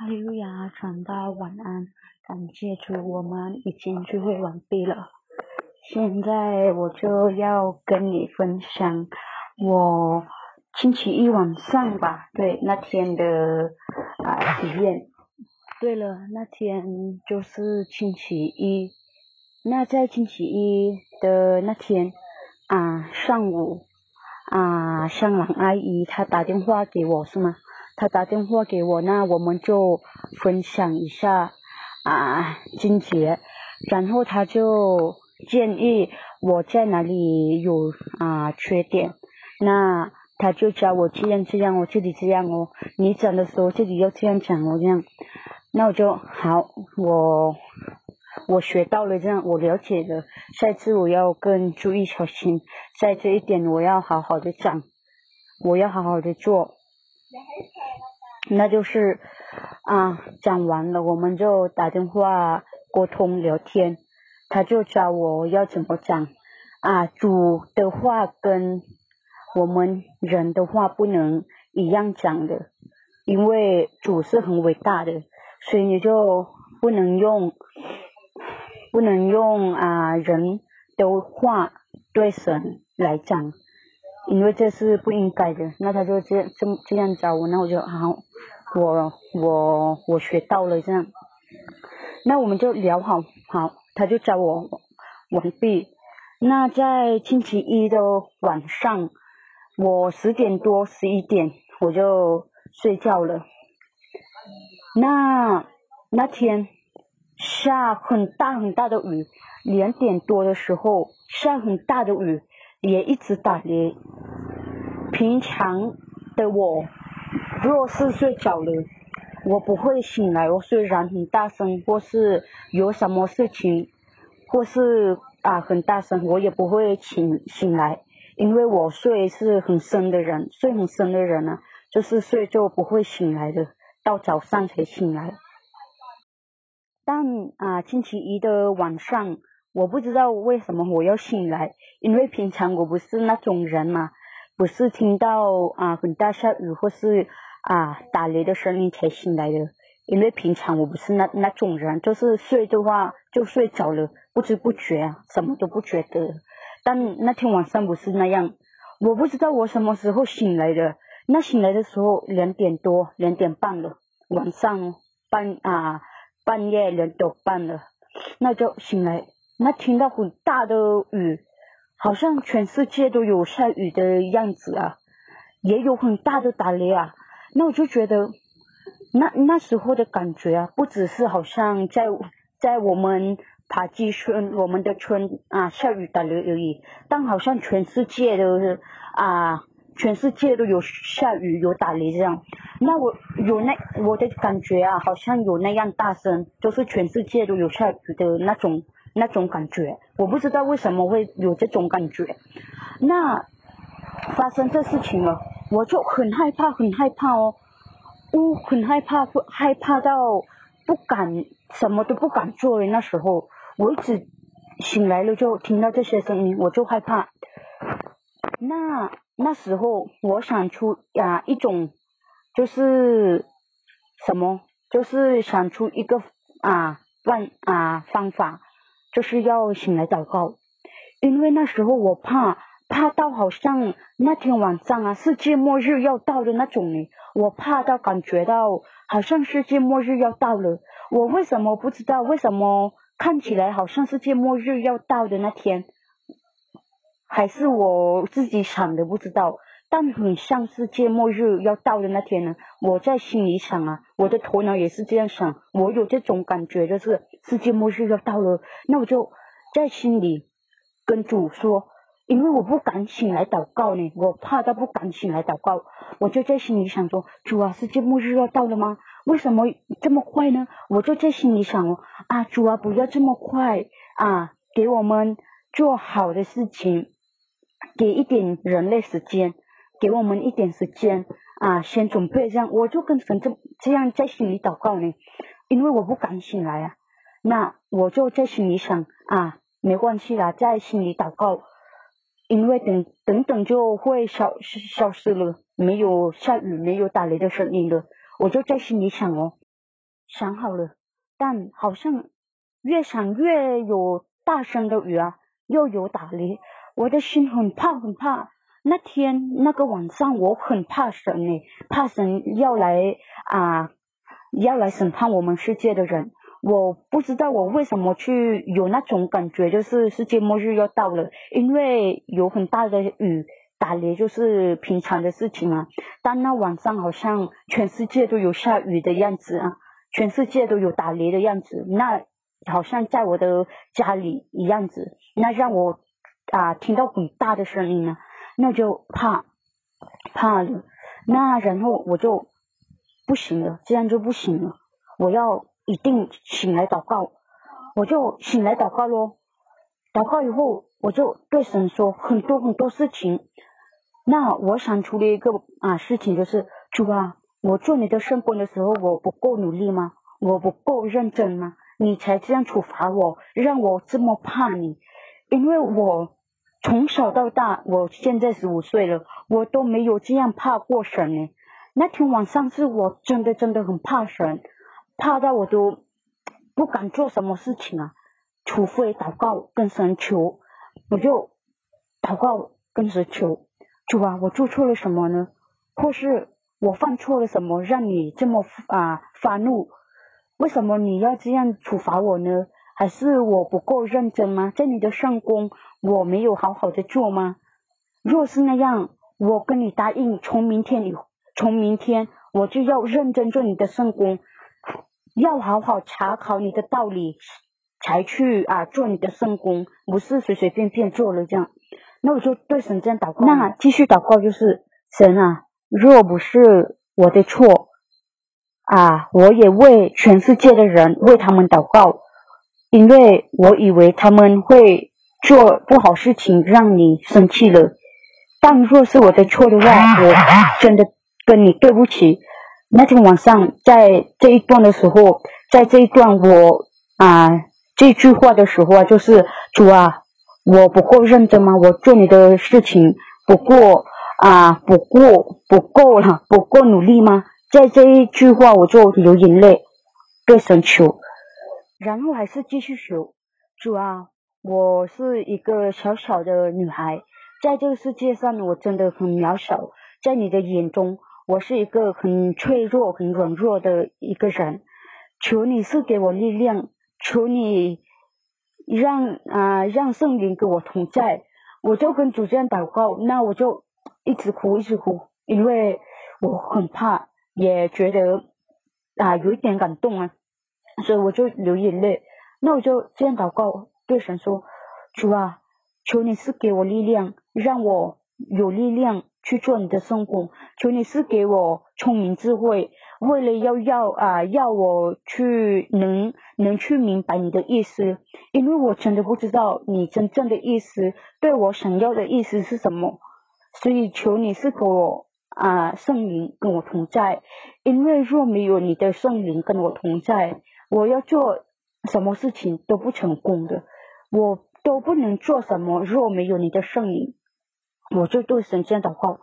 哈利路亞，傳道晚安，感謝主，我們已經聚會完畢了。現在我就要跟你分享我星期一晚上吧，對那天的啊、呃、體驗。對了，那天就是星期一。那在星期一的那天啊、呃、上午啊，向、呃、蘭阿姨她打電話給我是嗎？他打電話給我，那我們就分享一下啊，金姐，然後他就建議我在哪裡有啊缺點，那他就教我這樣這樣哦，這裡這樣哦，你講的時候這裡要這樣講哦這樣，那我就好，我我學到了這樣，我了解了，下次我要更注意小心，在這一點我要好好的講，我要好好的做。那就是啊，講完了我們就打電話溝通聊天，他就教我要怎麼講啊。主的話跟我們人的話不能一樣講的，因為主是很偉大的，所以你就不能用，不能用啊人的話對神來講，因為這是不應該的。那他就這這這樣教我，那我就好。我我我學到了這樣，那我們就聊好，好，他就找我完畢。那在星期一的晚上，我十點多十一點我就睡覺了。那那天下很大很大的雨，兩點多的時候下很大的雨，也一直打雷。平常的我。若是睡覺了，我不會醒來。我雖然很大聲，或是有什麼事情，或是啊很大聲，我也不會醒醒來，因為我睡是很深的人，睡很深的人啊，就是睡就不會醒來的，到早上才醒來。但啊，星期一的晚上，我不知道為什麼我要醒來，因為平常我不是那種人嘛，啊，不是聽到啊很大下雨或是。啊！打雷的聲音才醒來的，因為平常我不是那那種人，就是睡的話就睡着了，不知不覺，什麼都不覺得。但那天晚上不是那樣，我不知道我什麼時候醒來的。那醒來的時候，兩點多，兩點半了，晚上半啊半夜兩點半了，那就醒來。那聽到很大的雨，好像全世界都有下雨的樣子啊，也有很大的打雷啊。那我就覺得，那那時候的感覺啊，不只是好像在在我們爬雞村，我們的村啊下雨打雷而已，但好像全世界都是啊，全世界都有下雨有打雷這樣。那我有那我的感覺啊，好像有那樣大聲，就是全世界都有下雨的那種那種感覺。我不知道為什麼會有這種感覺。那發生這事情了。我就很害怕，很害怕哦，我很害怕，不害怕到不敢什麼都不敢做的那時候我一直醒來了，就聽到這些聲音，我就害怕。那那時候我想出呀、啊、一種，就是什麼，就是想出一個啊辦啊方法，就是要醒來禱告，因為那時候我怕。怕到好像那天晚上啊，世界末日要到的那種呢。我怕到感覺到好像世界末日要到了。我為什麼不知道？為什麼看起來好像世界末日要到的那天，還是我自己想的不知道？但很像世界末日要到的那天呢、啊。我在心裡想啊，我的頭腦也是這樣想。我有這種感覺，就是世界末日要到了，那我就在心裡跟主說。因為我不敢醒來禱告呢，我怕他不敢醒來禱告，我就在心裡想說：主啊，世界末日要到了嗎？為什麼這麼快呢？我就在心裡想：哦，啊，主啊，不要這麼快啊，給我們做好的事情，給一點人類時間，給我們一點時間啊，先準備這樣，我就跟神這這樣在心裡禱告呢，因為我不敢醒來啊。那我就在心裡想：啊，沒關係啦，啊，在心裡禱告。因為等等等就會消消失了，沒有下雨，沒有打雷的聲音了。我就在心裡想哦，想好了，但好像越想越有大聲的雨啊，又有打雷。我的心很怕很怕。那天那個晚上，我很怕神欸，怕神要來啊，呃，要來審判我們世界的人。我不知道我為什麼去有那種感覺，就是世界末日要到了，因為有很大的雨，打雷就是平常的事情啊，但那晚上好像全世界都有下雨的樣子啊，全世界都有打雷的樣子，那好像在我的家裡一樣子，那讓我啊聽到很大的聲音啊，那就怕怕了，那然後我就不行了，這樣就不行了，我要。一定醒來禱告，我就醒來禱告嘍。禱告以後，我就對神說很多很多事情。那我想出了一個啊事情，就是主啊，我做你的聖工的時候，我不夠努力嗎？我不夠認真嗎？你才這樣處罰我，讓我這麼怕你？因為我從小到大，我現在十五歲了，我都沒有這樣怕過神呢。那天晚上是我真的真的很怕神。怕到我都不敢做什麼事情啊，除非禱告跟神求，我就禱告跟神求，主啊，我做錯了什麼呢？或是我犯錯了什麼，讓你這麼啊發怒？為什麼你要這樣處罰我呢？還是我不夠認真嗎？在你的聖工，我沒有好好的做嗎？若是那樣，我跟你答應，從明天以後，從明天我就要認真做你的聖工要好好查考你的道理，才去啊做你的聖工，不是隨隨便便做了這樣。那我就對神這樣禱告，那、啊、繼續禱告就是神啊，若不是我的錯，啊，我也為全世界的人為他們禱告，因為我以為他們會做不好事情讓你生氣了。但若是我的錯的話，我真的跟你對不起。那天晚上，在這一段的時候，在這一段我啊這句話的時候啊，就是主啊，我不夠認真嗎？我做你的事情不夠啊，不夠不夠了，不夠努力嗎？在這一句話，我就流眼淚，對，神求，然後還是繼續求。主啊，我是一個小小的女孩，在這個世界上，我真的很渺小，在你的眼中。我是一個很脆弱、很軟弱的一個人，求你賜給我力量，求你讓啊、呃、讓聖靈跟我同在，我就跟主這樣禱告，那我就一直哭，一直哭，因為我很怕，也覺得啊、呃、有一點感動啊，所以我就流眼淚，那我就這樣禱告，對神說，主啊，求你賜給我力量，讓我有力量。去做你的生活，求你是給我聰明智慧，為了要要啊、呃、要我去能能去明白你的意思，因為我真的不知道你真正的意思，對我想要的意思是什麼，所以求你是給我啊、呃、聖靈跟我同在，因為若沒有你的聖靈跟我同在，我要做什麼事情都不成功的，我都不能做什麼，若沒有你的聖靈。我就對神這樣禱告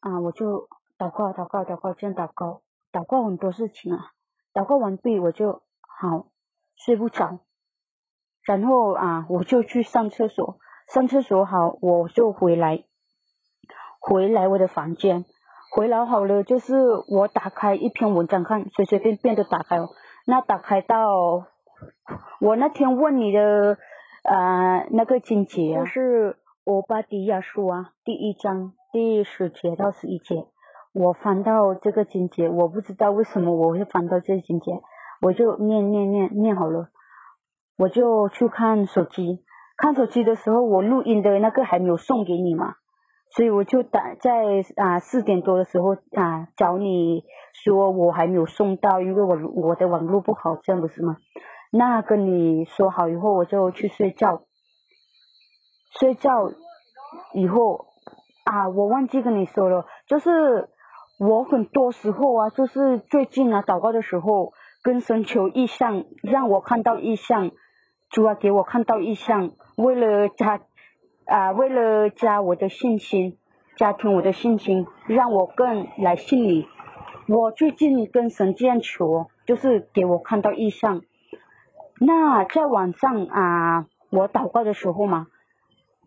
啊，我就禱告禱告禱告，這樣禱告禱告很多事情啊。禱告完畢，我就好睡不着，然後啊，我就去上廁所，上廁所好，我就回來，回來我的房間，回來好了，就是我打開一篇文章看，隨隨便便就打開哦。那打開到我那天問你的啊、呃，那個經節是、啊。我把迪亞書啊，第一章第一十節到十一節，我翻到這個章節，我不知道為什麼我會翻到這章節，我就念念念念好了，我就去看手機，看手機的時候，我錄音的那個還沒有送給你嘛，所以我就打在啊四點多的時候啊找你說我還沒有送到，因為我我的網絡不好，這樣不是嗎？那跟你說好以後，我就去睡覺。睡覺以後啊，我忘記跟你說了，就是我很多時候啊，就是最近啊禱告的時候跟神求異象，讓我看到異象，主啊給我看到異象，為了加啊為了加我的信心，加添我的信心，讓我更來信你。我最近跟神這樣求，就是給我看到異象。那在晚上啊，我禱告的時候嘛。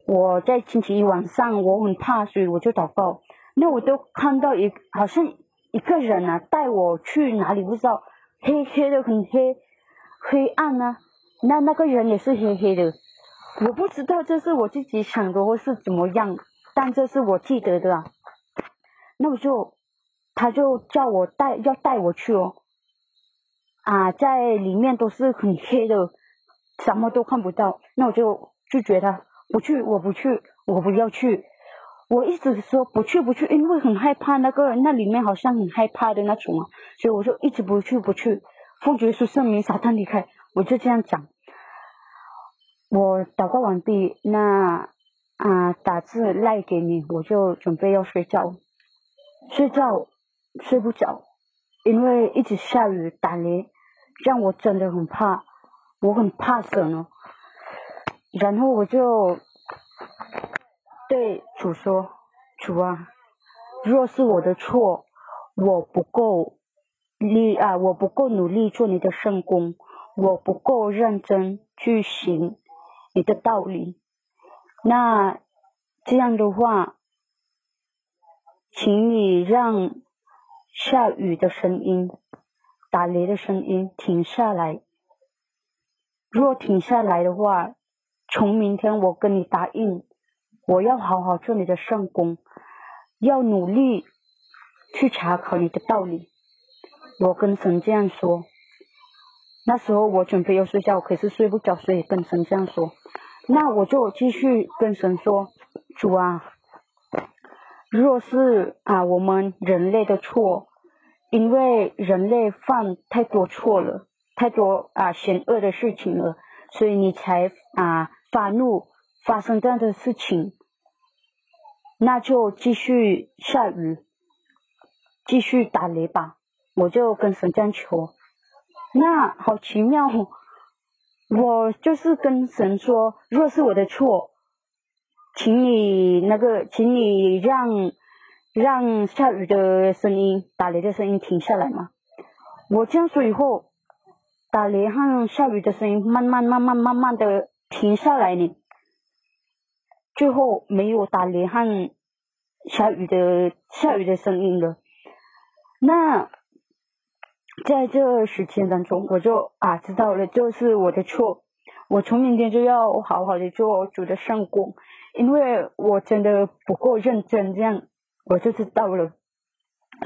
我在星期一晚上，我很怕，所以我就禱告。那我都看到一好像一個人啊，帶我去哪裡不知道，黑黑的很黑，黑暗啊。那那個人也是黑黑的，我不知道這是我自己想的，或是怎麼樣，但這是我記得的啊。那我就他就叫我帶要帶我去哦，啊，在裡面都是很黑的，什麼都看不到。那我就拒絕他。不去，我不去，我不要去。我一直說不去不去，因為很害怕那個那裡面好像很害怕的那種嘛、啊，所以我就一直不去不去。奉主耶穌聖名，撒但離開，我就這樣講。我禱告完畢，那啊、呃、打字賴給你，我就準備要睡覺。睡覺睡不着，因為一直下雨打雷，讓我真的很怕，我很怕死呢。然後我就對主說：“主啊，若是我的錯，我不夠力啊，我不夠努力做你的聖工，我不夠認真去行你的道理。那這樣的話，請你讓下雨的聲音、打雷的聲音停下來。若停下來的話。”從明天，我跟你答應，我要好好做你的聖工，要努力去查考你的道理。我跟神這樣說。那時候我準備要睡覺，可是睡不着，所以跟神這樣說。那我就繼續跟神說：主啊，若是啊我們人類的錯，因為人類犯太多錯了，太多啊險惡的事情了，所以你才啊。發怒，發生這樣的事情，那就繼續下雨，繼續打雷吧。我就跟神這樣求，那好奇妙。我就是跟神說，若是我的錯，請你那個，請你讓讓下雨的聲音、打雷的聲音停下來嘛。我這樣說以後，打雷和下雨的聲音慢慢、慢慢、慢慢的。停下來你。最後沒有打雷和下雨的下雨的聲音了。那在這十天當中，我就啊知道了，就是我的錯。我從明天就要好好的做我主的聖工。因為我真的不夠認真，這樣我就知道了。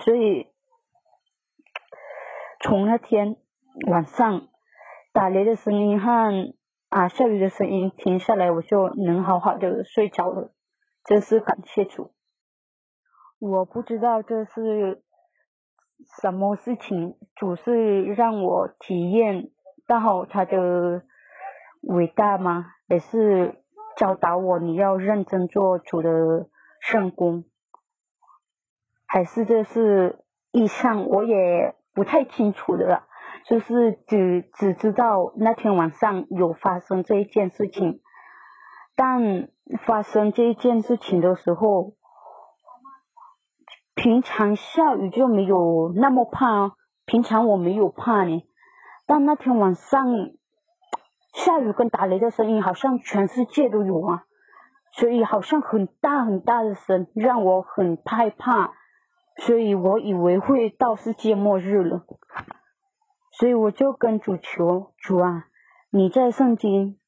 所以從那天晚上打雷的聲音和。啊，下雨的聲音停下來，我就能好好的睡着了，真是感謝主。我不知道這是什麼事情，主是讓我體驗到他的偉大嗎？還是教導我你要認真做主的聖工？還是這是異象，我也不太清楚的了。就是只只知道那天晚上有發生這一件事情，但發生這一件事情的時候，平常下雨就沒有那麼怕，平常我沒有怕你，但那天晚上，下雨跟打雷的聲音好像全世界都有啊，所以好像很大很大的聲，讓我很害怕，所以我以為會到世界末日了。所以我就跟主求，主啊，你在聖經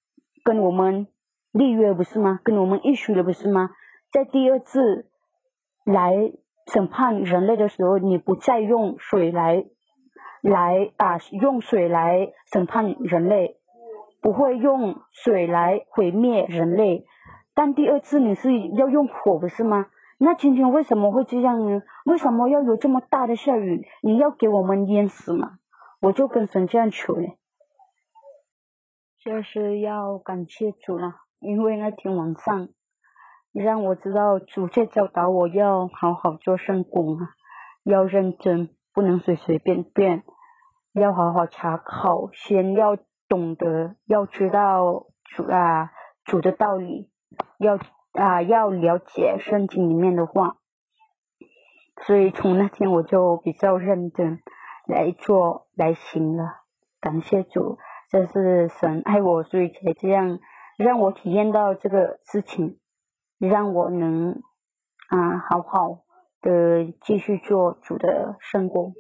跟我們立約不是嗎？跟我們立約了不是嗎？在第二次來審判人類的時候，你不再用水來來啊，用水來審判人類，不會用水來毀滅人類。但第二次你是要用火不是嗎？那今天為什麼會這樣呢？為什麼要有這麼大的下雨？你要給我們淹死嗎？我就跟神這樣求嘞，就是要感謝主了，因為那天晚上讓我知道主在教導我要好好做聖工，要認真，不能隨隨便便，要好好查考，先要懂得，要知道主啊，主的道理，要啊要了解聖經裡面的話，所以從那天我就比較認真。來做來行了，感謝主，這是神愛我，所以才這樣讓我體驗到這個事情，讓我能啊好好的繼續做主的聖工。